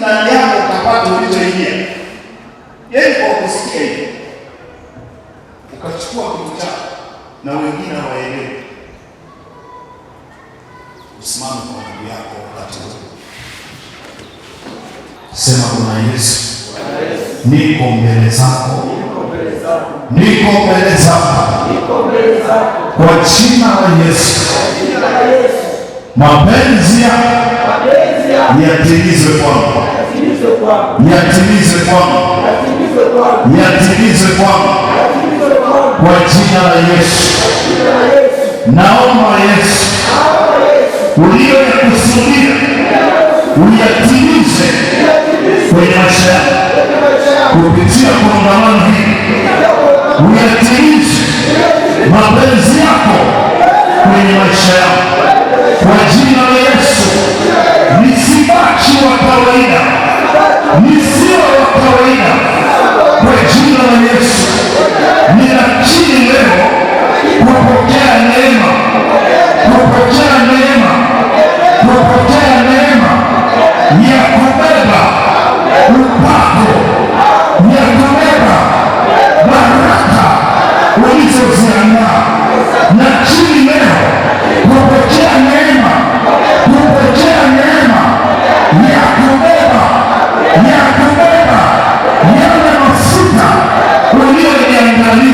na yako utapata ulichoingia. Yeye yaani kwa kusikia hiyo ukachukua kitu chako na wengine waelewe. Usimame kwa ndugu yako wakati wote, sema Bwana Yesu, niko mbele zako, niko mbele zako, kwa jina la Yesu mapenzi yatimizwe kwangu, yatimizwe kwangu, yatimizwe kwangu kwa jina la Yesu. Naomba Yesu uliyokusudia uyatimize kwenye maisha yako kupitia kongamano hili, uyatimize mapenzi yako ni sio ya kwa jina la la